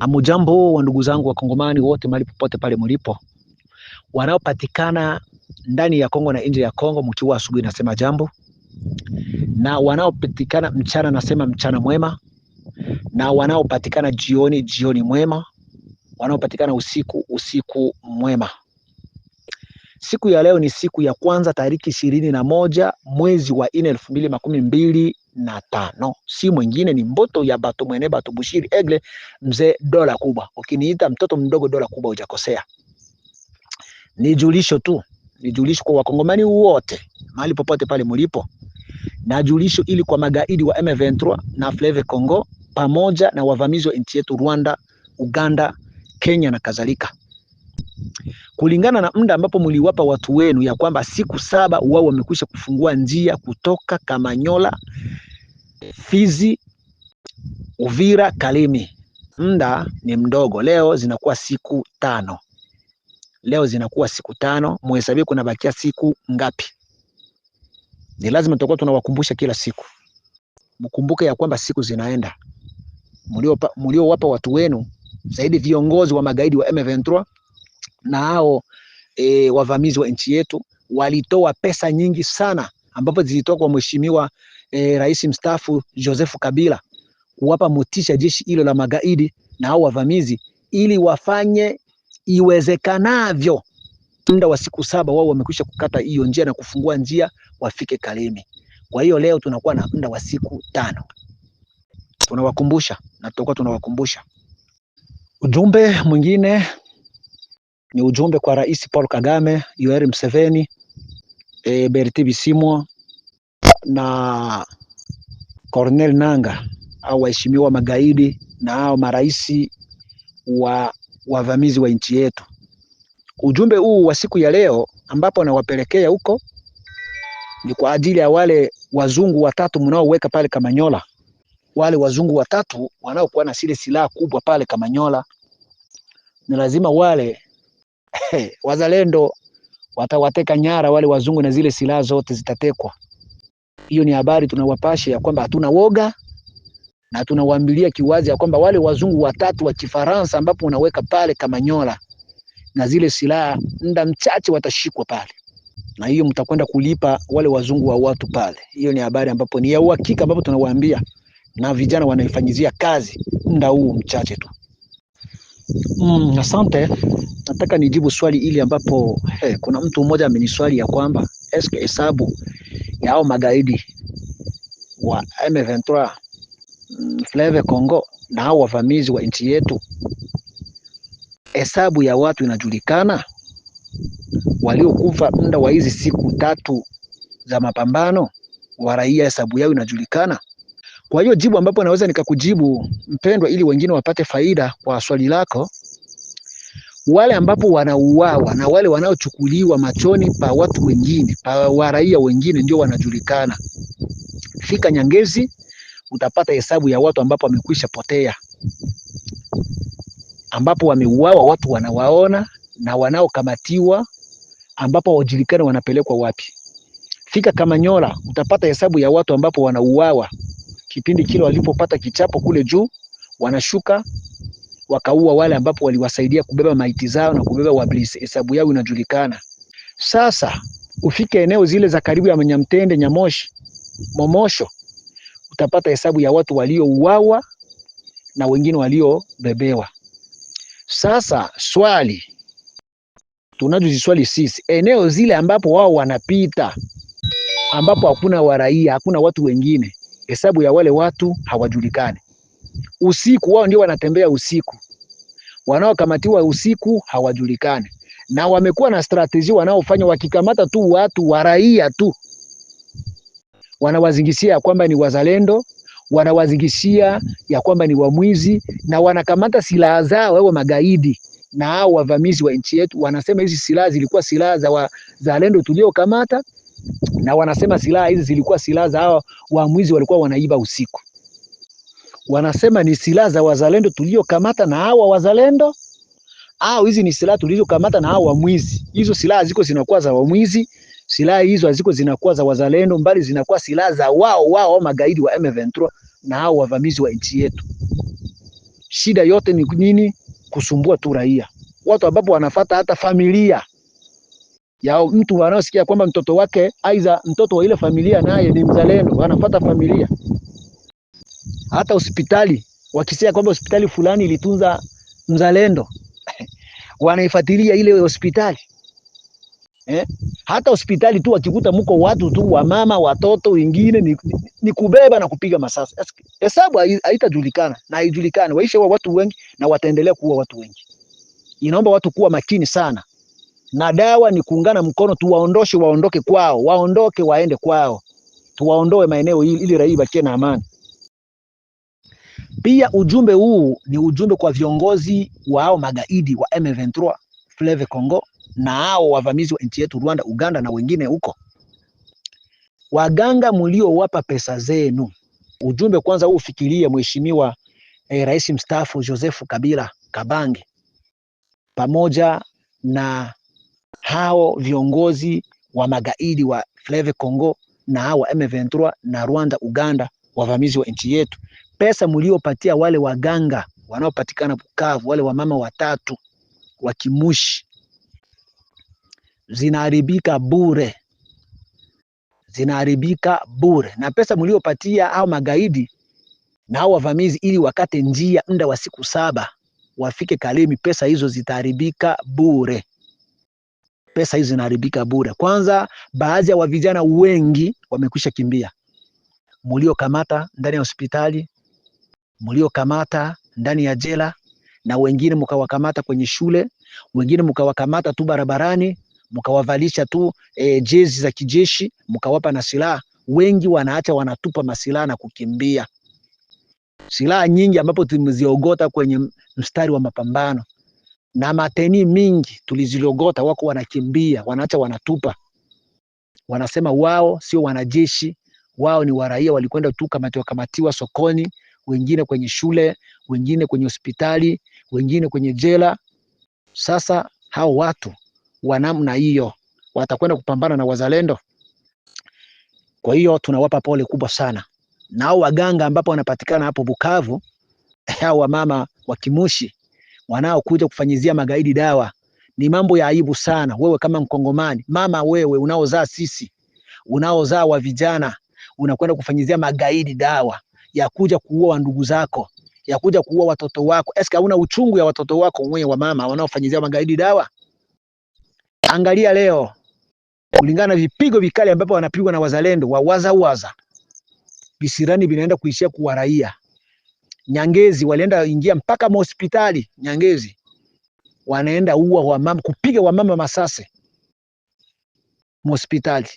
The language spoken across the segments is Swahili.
Amujambo wa ndugu zangu wakongomani wote mahali popote pale mlipo, wanaopatikana ndani ya Kongo na nje ya Kongo, mkiwa asubuhi nasema jambo, na wanaopatikana mchana nasema mchana mwema, na wanaopatikana jioni jioni mwema, wanaopatikana usiku usiku mwema. Siku ya leo ni siku ya kwanza tariki ishirini na moja mwezi wa nne elfu mbili makumi mbili na tano. Si mwingine ni mboto ya bato mwene bato Bushiri Egle, mzee dola kubwa. Ukiniita mtoto mdogo dola kubwa, hujakosea. Ni julisho tu, ni julisho kwa wakongomani wote mahali popote pale mulipo, na julisho ili kwa magaidi wa M23 na Fleve Congo pamoja na wavamizi wa nchi yetu Rwanda, Uganda, Kenya na kadhalika kulingana na muda ambapo mliwapa watu wenu ya kwamba siku saba wao wamekwisha kufungua njia kutoka Kamanyola Fizi, Uvira, kalimi Muda ni mdogo. Leo zinakuwa siku tano, leo zinakuwa siku tano. Muhesabie kunabakia siku ngapi? Ni lazima tutakuwa tunawakumbusha kila siku. Mkumbuke ya kwamba siku zinaenda. Mliowapa watu wenu zaidi viongozi wa magaidi wa M23 na hao e, wavamizi wa nchi yetu walitoa pesa nyingi sana ambapo zilitoka kwa mheshimiwa e, rais mstaafu Joseph Kabila kuwapa motisha jeshi hilo la magaidi na au wavamizi ili wafanye iwezekanavyo muda wa siku saba wao wamekwisha kukata hiyo njia na kufungua njia wafike Kalemi. Kwa hiyo leo tunakuwa na muda wa siku tano, tunawakumbusha na tutakuwa tunawakumbusha. Ujumbe mwingine ni ujumbe kwa Rais Paul Kagame, Yoweri Museveni, e, Bertie Bisimwa na Cornel Nanga au waheshimiwa magaidi na hao maraisi wa wavamizi wa nchi yetu. Ujumbe huu wa siku ya leo ambapo nawapelekea huko ni kwa ajili ya wale wazungu watatu mnaoweka pale Kamanyola, wale wazungu watatu wanaokuwa na sile silaha kubwa pale Kamanyola, ni lazima wale wazalendo watawateka nyara wale wazungu na zile silaha zote zitatekwa. Hiyo ni habari tunawapasha ya kwamba hatuna woga na tunawaambilia kiwazi ya kwamba wale wazungu watatu wa Kifaransa ambapo unaweka pale Kamanyola na zile silaha, muda mchache watashikwa pale, na hiyo mtakwenda kulipa wale wazungu wa watu pale. Hiyo ni habari ambapo ni ya uhakika, ambapo tunawaambia na vijana wanaifanyizia kazi muda huu mchache tu. Mm, asante. Nataka nijibu swali ili ambapo he, eh, kuna mtu mmoja ameniswali ya kwamba eske hesabu ya hao magaidi wa M23 mm, Fleve Congo na hao wavamizi wa nchi yetu, hesabu ya watu inajulikana, waliokufa muda wa hizi siku tatu za mapambano wa raia, hesabu yao inajulikana. Kwa hiyo jibu ambapo naweza nikakujibu mpendwa, ili wengine wapate faida kwa swali lako wale ambapo wanauawa na wale wanaochukuliwa machoni pa watu wengine pa waraia wengine ndio wanajulikana. Fika Nyangezi utapata hesabu ya watu ambapo wamekwisha potea, ambapo wameuawa, watu wanawaona na wanaokamatiwa, ambapo hawajulikani wanapelekwa wapi. Fika Kamanyola utapata hesabu ya watu ambapo wanauawa, kipindi kile walipopata kichapo kule juu wanashuka wakaua wale ambapo waliwasaidia kubeba maiti zao na kubeba wablisi, hesabu yao inajulikana. Sasa ufike eneo zile za karibu ya Nyamtende, Nyamoshi, Momosho, utapata hesabu ya watu waliouawa na wengine waliobebewa. Sasa swali tunazoziswali sisi, eneo zile ambapo wao wanapita, ambapo hakuna waraia, hakuna watu wengine, hesabu ya wale watu hawajulikani usiku, wao ndio wanatembea usiku, wanaokamatiwa usiku hawajulikani, na wamekuwa na strategy wanaofanya, wakikamata tu watu wa raia tu wanawazingishia ya kwamba ni wazalendo, wanawazingishia ya kwamba ni wamwizi, na wanakamata silaha zao wao magaidi na hao wavamizi wa nchi yetu wanasema hizi silaha zilikuwa silaha za wazalendo tuliokamata, na wanasema silaha hizi zilikuwa silaha za hao wamwizi walikuwa wanaiba usiku wanasema ni silaha za wazalendo tuliokamata na hawa wazalendo au hizi ni silaha tulizokamata na hao wamwizi. Hizo silaha ziko zinakuwa za wamwizi, silaha hizo haziko zinakuwa za wazalendo, mbali zinakuwa silaha za wao wao magaidi wa M23 na hao wavamizi wa nchi yetu. Shida yote ni nini? Kusumbua tu raia, watu ambapo wanafata hata familia ya mtu wanaosikia kwamba mtoto wake, aidha mtoto wa ile familia naye ni mzalendo, wanafata familia hata hospitali wakisema kwamba hospitali fulani ilitunza mzalendo wanaifuatilia ile hospitali eh? Hata hospitali tu wakikuta mko watu tu wa mama watoto wengine ni, ni kubeba na kupiga masasa. Hesabu haitajulikana na haijulikani, waisha wa watu wengi na wataendelea kuwa watu wengi. Inaomba watu kuwa makini sana, na dawa ni kuungana mkono, tuwaondoshe waondoke kwao, waondoke waende kwao, tuwaondoe maeneo ili raia ibakie na amani. Pia ujumbe huu ni ujumbe kwa viongozi wa hao magaidi wa M23 Fleve Congo na hao wavamizi wa nchi yetu Rwanda, Uganda na wengine huko, waganga mliowapa pesa zenu. Ujumbe kwanza huu ufikirie, mheshimiwa eh, rais mstaafu Joseph Kabila Kabange pamoja na hao viongozi wa magaidi wa Fleve Congo na hao wa M23 na Rwanda Uganda, wavamizi wa nchi yetu pesa mliopatia wale waganga wanaopatikana Bukavu, wale wamama watatu wa Kimushi, zinaharibika bure, zinaharibika bure. Na pesa mliopatia au magaidi na hao wavamizi ili wakate njia muda wa siku saba wafike Kalemi, pesa hizo zitaharibika bure. Pesa hizo zinaharibika bure. Kwanza, baadhi ya wa vijana wengi wamekwisha kimbia, muliokamata ndani ya hospitali mliokamata ndani ya jela na wengine mkawakamata kwenye shule, wengine mkawakamata tu barabarani, mkawavalisha tu e, jezi za kijeshi, mkawapa na silaha. Wengi wanaacha wanatupa masilaha na kukimbia. Silaha nyingi ambapo tumeziogota kwenye mstari wa mapambano na mateni mingi tuliziogota, wako wanakimbia, wanaacha wanatupa, wanasema wao sio wanajeshi, wao ni waraia, walikwenda tu kamatiwa kamatiwa sokoni wengine kwenye shule, wengine kwenye hospitali, wengine kwenye jela. Sasa hao watu wa namna hiyo watakwenda kupambana na wazalendo? Kwa hiyo tunawapa pole kubwa sana, na hao waganga ambapo wanapatikana hapo Bukavu, eh, hao wamama wa Kimushi wanaokuja kufanyizia magaidi dawa, ni mambo ya aibu sana. Wewe kama Mkongomani mama, wewe unaozaa sisi, unaozaa wa vijana, unakwenda kufanyizia magaidi dawa ya kuja kuua wa ndugu zako, ya kuja kuua watoto wako. Eske hauna uchungu ya watoto wako mwenye wa mama wanaofanyizia magaidi dawa? Angalia leo, kulingana na vipigo vikali ambapo wanapigwa na wazalendo wa waza waza, visirani vinaenda kuishia kuwa raia. Nyangezi walienda ingia mpaka hospitali Nyangezi, wanaenda ua mama kupiga mama masase Hospitali.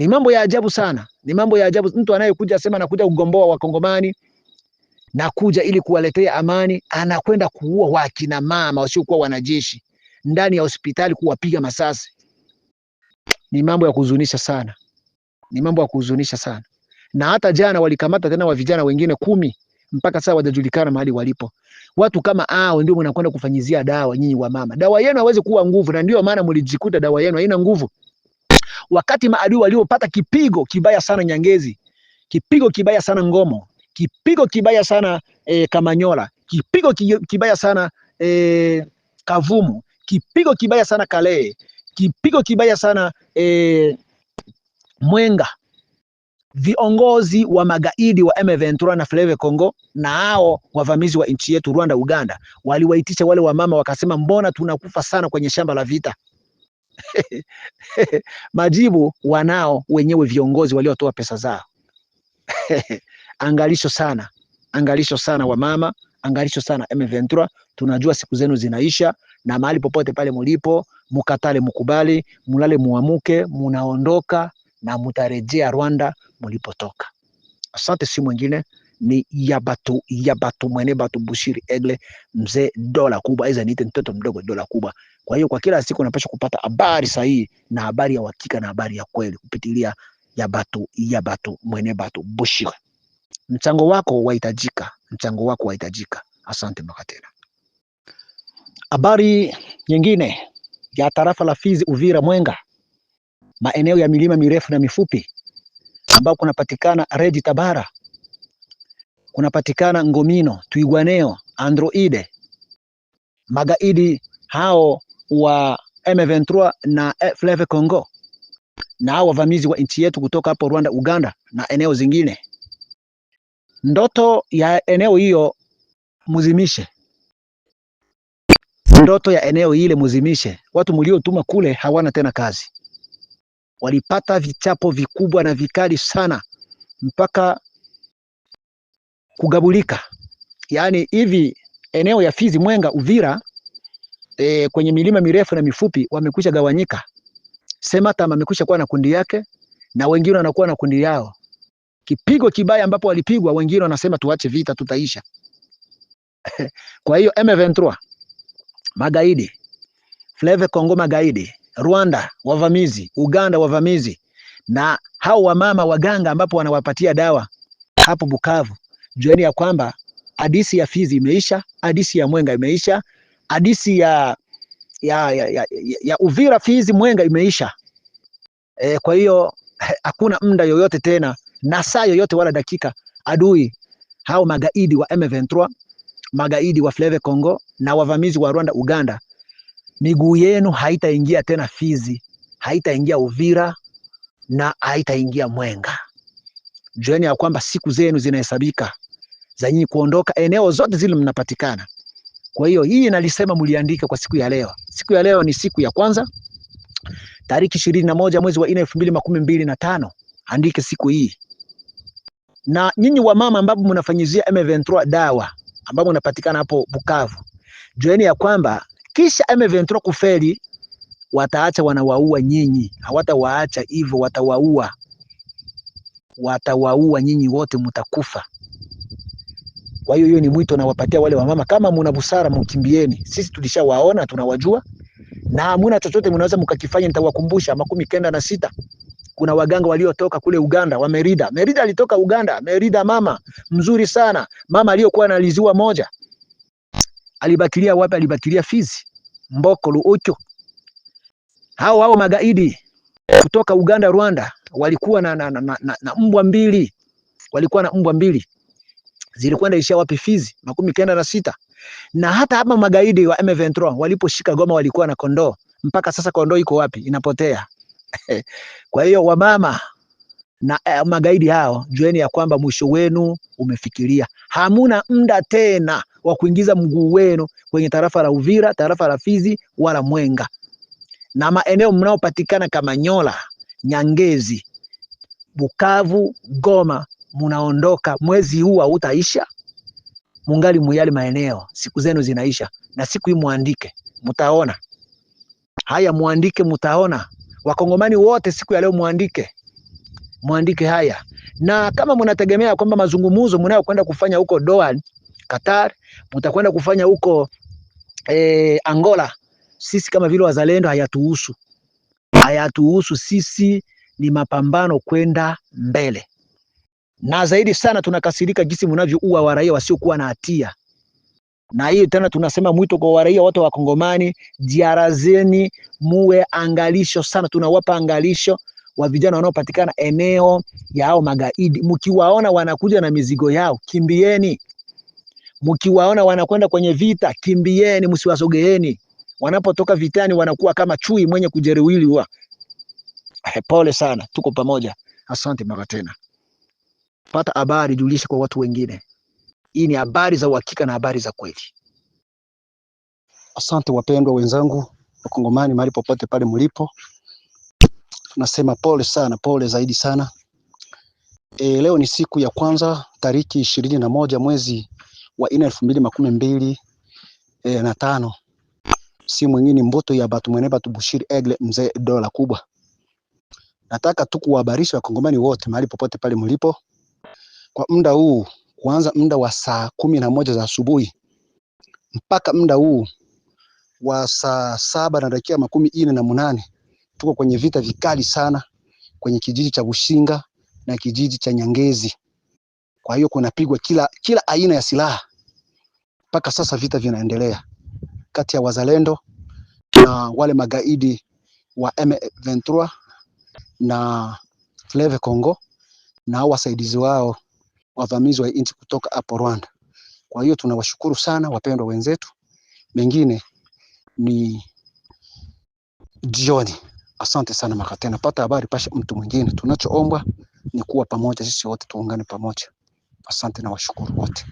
Ni mambo ya ajabu sana, ni mambo ya ajabu. Mtu anayekuja sema anakuja kugomboa Wakongomani na kuja ili kuwaletea amani, anakwenda kuua wakina mama wasiokuwa wanajeshi ndani ya hospitali, kuwapiga masasi. Ni mambo ya kuhuzunisha sana, ni mambo ya kuhuzunisha sana. Na hata jana walikamata tena wa vijana wengine kumi mpaka sasa wajajulikana mahali walipo. Watu kama hao ndio mnakwenda kufanyizia dawa nyinyi wa mama. Dawa yenu haiwezi kuwa nguvu, na ndio maana mlijikuta dawa yenu haina nguvu wakati maadui waliopata kipigo kibaya sana Nyangezi, kipigo kibaya sana Ngomo, kipigo kibaya sana e, eh, Kamanyola, kipigo kibaya sana e, Kavumu, kipigo kibaya sana Kale, kipigo kibaya sana e, Mwenga. Viongozi wa magaidi wa M23 na Fleve Congo na hao wavamizi wa nchi yetu Rwanda, Uganda, waliwaitisha wale wamama, wakasema mbona tunakufa sana kwenye shamba la vita majibu wanao wenyewe viongozi waliotoa pesa zao. Angalisho sana, angalisho sana wa mama, angalisho sana M23. Tunajua siku zenu zinaisha, na mahali popote pale mulipo, mukatale, mukubali, mulale, muamuke, munaondoka na mutarejea Rwanda mulipotoka. Asante, si mwingine ni Yabatu Yabatu, mwene Batu Bushiri Egle, mzee dola kubwa, aiza niite mtoto mdogo dola kubwa. Kwa hiyo kwa kila siku unapaswa kupata habari sahihi na habari ya uhakika na habari ya kweli kupitilia ya batu ya batu mwene batu bushira. Mchango wako wahitajika, mchango wako wahitajika. Asante mwaka tena. Habari nyingine ya tarafa la Fizi, Uvira, Mwenga, maeneo ya milima mirefu na mifupi ambao kunapatikana Redi Tabara, kunapatikana Ngomino, Twigwaneo, Androide, magaidi hao wa M23 na Fleve Congo na hao wavamizi wa nchi yetu kutoka hapo Rwanda, Uganda na eneo zingine. Ndoto ya eneo hiyo muzimishe, ndoto ya eneo ile muzimishe. Watu mliotuma kule hawana tena kazi, walipata vichapo vikubwa na vikali sana mpaka kugabulika. Yaani hivi eneo ya Fizi, Mwenga, Uvira e, kwenye milima mirefu na mifupi wamekwisha gawanyika. Sematam amekwisha kuwa na kundi yake na wengine wanakuwa na kundi yao. Kipigo kibaya ambapo walipigwa, wengine wanasema tuache vita, tutaisha. Kwa hiyo M23 magaidi, Fleve Kongo magaidi, Rwanda wavamizi, Uganda wavamizi, na hao wamama waganga ambapo wanawapatia dawa hapo Bukavu, jueni ya kwamba hadisi ya Fizi imeisha, hadisi ya Mwenga imeisha hadisi ya, ya, ya, ya, ya Uvira Fizi Mwenga imeisha. E, kwa hiyo hakuna muda yoyote tena na saa yoyote wala dakika adui hao magaidi wa M23 magaidi wa Fleve Congo na wavamizi wa Rwanda Uganda, miguu yenu haitaingia tena Fizi, haitaingia Uvira na haitaingia Mwenga. Jueni ya kwamba siku zenu zinahesabika za nyinyi kuondoka eneo zote zile mnapatikana. Kwa hiyo hii nalisema mliandike kwa siku ya leo. Siku ya leo ni siku ya kwanza tariki ishirini na moja mwezi wa nne elfu mbili makumi mbili na tano. Andike siku hii, na nyinyi wamama ambapo mnafanyizia M23 dawa ambapo mnapatikana hapo Bukavu, jueni ya kwamba kisha M23 kufeli wataacha wanawaua nyinyi, hawatawaacha hivyo, watawaua, watawaua nyinyi wote, mtakufa. Kwa hiyo hiyo ni mwito nawapatia wale wamama, kama muna busara mkimbieni, sisi tulishawaona tunawajua, na hamuna chochote mnaweza mkakifanya. Nitawakumbusha makumi kenda na sita kuna waganga waliotoka kule Uganda wa Merida. Merida alitoka Uganda, Merida mama mzuri sana, mama aliyokuwa analiziwa moja, alibakilia wapi? Alibakilia Fizi, Mboko, Luocho. Hao hao magaidi kutoka Uganda, Rwanda walikuwa na, na, na, na, na mbwa mbili, walikuwa na mbwa mbili zilikwenda ishia wapi? Fizi, makumi kenda na sita. Na hata hapa magaidi wa M23 waliposhika Goma walikuwa na kondoo, mpaka sasa kondoo iko wapi? Inapotea. Kwa hiyo wamama na eh, magaidi hao jueni ya kwamba mwisho wenu umefikiria. Hamuna muda tena wa kuingiza mguu wenu kwenye tarafa la Uvira, tarafa la Fizi wala Mwenga na maeneo mnaopatikana kama Nyola, Nyangezi, Bukavu, Goma munaondoka, mwezi huu hautaisha, mungali muyale maeneo, siku zenu zinaisha. Na siku hii muandike, mutaona haya, muandike, mutaona. Wakongomani wote siku ya leo muandike, muandike haya. Na kama munategemea kwamba mazungumzo munayokwenda kufanya huko Doha Qatar, mutakwenda kufanya huko eh, Angola, sisi kama vile wazalendo hayatuhusu, hayatuhusu. Sisi ni mapambano kwenda mbele na zaidi sana tunakasirika jinsi mnavyoua waraia wasiokuwa na hatia. Na hiyo tena tunasema mwito kwa waraia wote wa Kongomani, jiarazeni, muwe angalisho sana, tunawapa angalisho wa vijana wanaopatikana eneo ya hao magaidi. Mkiwaona wanakuja na mizigo yao, kimbieni. Mkiwaona wanakwenda kwenye vita, kimbieni, msiwasogeeni. Wanapotoka vitani wanakuwa kama chui mwenye kujeruhiwa. Eh, pole sana, tuko pamoja. Asante mara tena pata habari, julisha kwa watu wengine. Hii ni habari za uhakika na habari za kweli. Asante wapendwa wenzangu Wakongomani, mahali popote pale mlipo, tunasema pole sana, pole zaidi sana. E, leo ni siku ya kwanza tariki ishirini na moja mwezi wa nne elfu mbili makumi mbili e, na tano. Si mwingine mboto ya batu mwene batu Egle mzee dola kubwa. Nataka tu kuwahabarisha wakongomani wote mahali popote pale mlipo kwa muda huu kuanza muda wa saa kumi na moja za asubuhi mpaka muda huu wa saa saba na dakika makumi ine na munane tuko kwenye vita vikali sana kwenye kijiji cha Bushinga na kijiji cha Nyangezi. Kwa hiyo kunapigwa kila, kila aina ya silaha mpaka sasa, vita vinaendelea kati ya wazalendo na wale magaidi wa M23 na Fleve Congo na wasaidizi wao wavamizi wa nchi kutoka hapo Rwanda. Kwa hiyo tunawashukuru sana wapendwa wenzetu, mengine ni jioni. Asante sana makatena pata habari, pasha mtu mwingine. Tunachoombwa ni kuwa pamoja, sisi wote tuungane pamoja. Asante na washukuru wote.